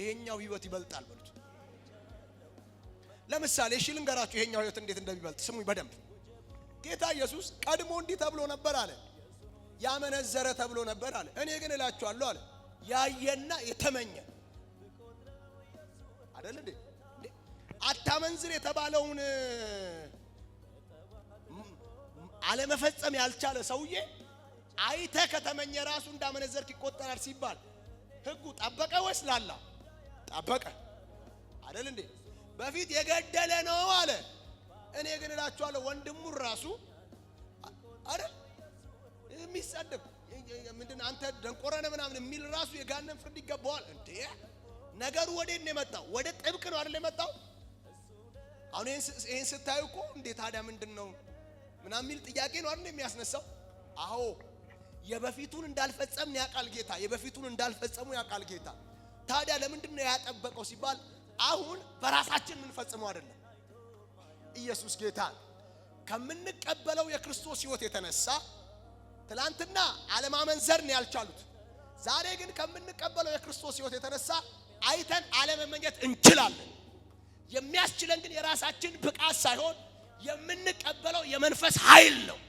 ይሄኛው ህይወት ይበልጣል በሉት። ለምሳሌ እሺ ልንገራችሁ ይሄኛው ህይወት እንዴት እንደሚበልጥ ስሙኝ በደንብ። ጌታ ኢየሱስ ቀድሞ እንዲህ ተብሎ ነበር አለ፣ ያመነዘረ ተብሎ ነበር አለ። እኔ ግን እላችኋለሁ አለ ያየና የተመኘ አይደል እንዴ? አታመንዝር የተባለውን አለመፈጸም ያልቻለ ሰውዬ አይተ ከተመኘ ራሱ እንዳመነዘርክ ይቆጠራል ሲባል ህጉ ጠበቀ ወይስ ላላ? አበቀ አይደል እንዴ? በፊት የገደለ ነው አለ። እኔ ግን እላችኋለሁ ወንድሙ ራሱ አይደል የሚሰድብ ምንድን አንተ ደንቆረ ምናምን የሚል ራሱ የጋነን ፍርድ ይገባዋል እንዴ? ነገሩ ወዴት ነው የመጣው? ወደ ጥብቅ ነው አይደል የመጣው? አሁን ይህን ስታዩ እኮ እንዴ ታዲያ ምንድን ነው ምናምን የሚል ጥያቄ ነው አይደል የሚያስነሳው? አዎ የበፊቱን እንዳልፈጸም ያውቃል ጌታ። የበፊቱን እንዳልፈጸሙ ያውቃል ጌታ። ታዲያ ለምንድን ነው ያጠበቀው ሲባል አሁን በራሳችን የምንፈጽመው አይደለም። ኢየሱስ ጌታ ከምንቀበለው የክርስቶስ ሕይወት የተነሳ ትላንትና አለማመንዘርን ያልቻሉት ዛሬ ግን ከምንቀበለው የክርስቶስ ሕይወት የተነሳ አይተን አለመመኘት እንችላለን። የሚያስችለን ግን የራሳችን ብቃት ሳይሆን የምንቀበለው የመንፈስ ኃይል ነው።